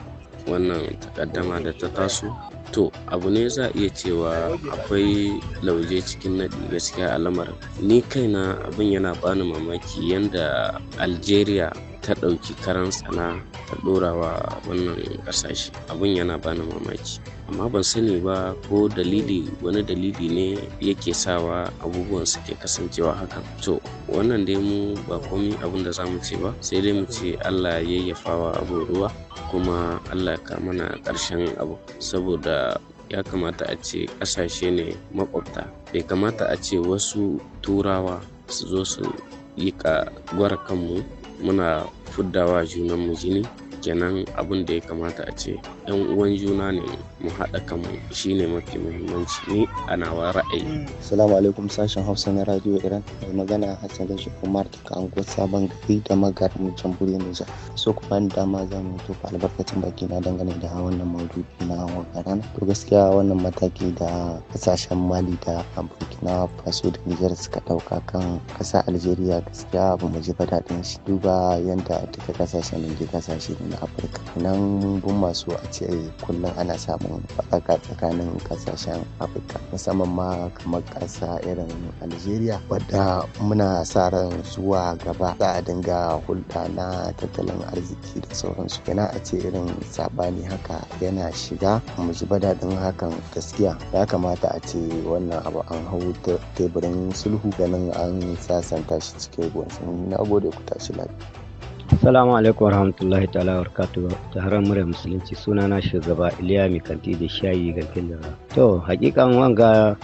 S18: wannan takaddama da ta taso to abu ne za iya cewa akwai lauje cikin naɗi gaskiya alamar, ni kaina abin yana bani mamaki yadda algeria ta ɗauki karan ta ɗora wa wannan ƙasashe abun yana bani mamaki amma ban sani ba ko dalili wani dalili ne yake sawa abubuwan suke kasancewa hakan to wannan dai mu ba komi abin da za mu ce ba sai dai mu ce allah yayyafawa yayyafa ruwa kuma allah ka mana ƙarshen abu saboda ya kamata a ce ƙasashe ne makwabta bai kamata a ce wasu turawa su zo su yi ka gwara kanmu muna fuddawa junanmu jini kenan abin da ya kamata a ce yan uwan juna ne mu haɗa shi shine mafi muhimmanci ni a nawa ra'ayi
S8: salamu alaikum sashen hausa na radio iran mai magana hassan gashi umar kan angon sabon gari da magarin jamhuriyar nijar so ku bani dama zan tofa albarkacin baki na dangane da wannan maudubi na wakarana to gaskiya wannan mataki da kasashen mali da burkina faso da nijar suka ɗauka kan ƙasa algeria gaskiya abu mu ji ba shi duba yadda duka kasashen da ke kasashe na afirka nan gun masu a ce kullum ana samun faɗaka tsakanin ƙasashen afirka musamman ma kamar ƙasa irin algeria wadda muna sa ran zuwa gaba za a dinga hulɗa na tattalin arziki da sauransu yana a ce irin saɓani haka yana shiga mu ji daɗin hakan gaskiya ya kamata a ce wannan abu an hau teburin sulhu ganin an sasanta shi cikin ruwan sanyi na gode ku
S10: tashi lafiya Salamu alaikum warahmatullahi ta'ala ta taron murya musulunci suna na shugaba Iliya kanti da shayi ga da To hakikan wanga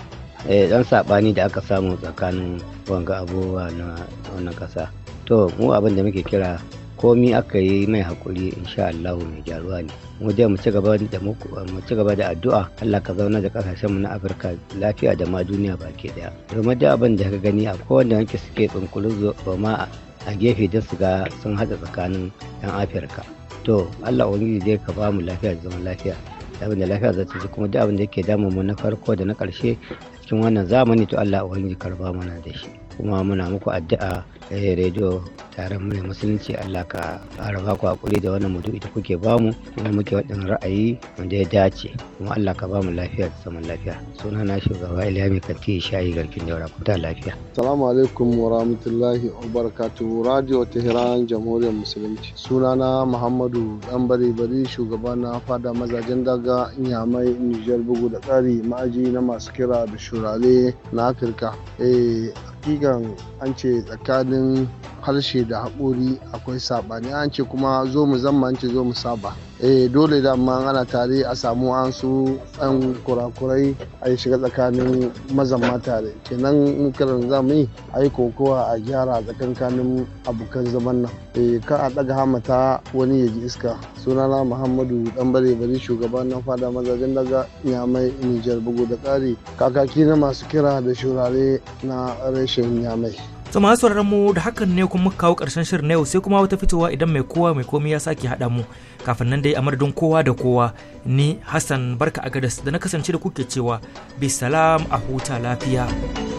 S10: eh, dan sabani da aka samu tsakanin wanga abubuwa na wannan kasa. To mu abin da muke kira komi aka yi mai haƙuri insha Allah mai gyaruwa ne mu je mu ci gaba da addu'a Allah ka zauna da kasashen mu na Afirka lafiya da ma duniya baki ɗaya. domin da abin da ka gani a kowanne wanke suke tsunkulu zo ba ma a gefe da su ga sun haɗa tsakanin 'yan afirka to allah ubangiji zai ka ba mu lafiya da zaman lafiya abin da lafiya za ta kuma duk abin da yake damu mu na farko da na ƙarshe cikin wannan zamani to allah ubangiji karba mana da shi kuma muna muku addu'a eh rediyo tare mai musulunci Allah ka fara ba ku hakuri da wannan mutu ita kuke bamu kuma muke waɗin ra'ayi wanda ya dace kuma Allah ka bamu lafiya da zaman lafiya suna na shugaba Ilyami Kanti Shayi Garkin Daura ta lafiya
S17: Assalamu alaikum wa rahmatullahi wa barakatuh Radio Tehran Jamhuriyar Musulunci suna na Muhammadu Dan Bari Bari shugaba na fada mazajen daga Inyamai Nijar bugu da tsari ma'aji na masu kira da shurale na Afirka eh hakikan an ce tsakanin harshe da haƙori akwai saɓani an ce kuma zo mu zamma an ce zo mu saba eh dole da amma ana tare a samu an su ɗan kurakurai a yi shiga tsakanin mazamma tare kenan in kiran za mu yi a yi kokowa a gyara tsakankanin abokan zaman nan eh ka a ɗaga hamata wani ya ji iska sunana muhammadu dan bare bari shugaban nan fada mazajen daga nyamai nijar bugu da tsari kakaki na masu kira da shurare na rashin nyamai
S2: Tsama sauraron mu da hakan ne kuma kawo ƙarshen shirin na yau sai kuma wata fitowa idan mai kowa mai komi ya sake haɗa mu. Kafin nan dai a madadin kowa da kowa ni Hassan Barka Agadas da na kasance da kuke cewa bisalam a huta lafiya.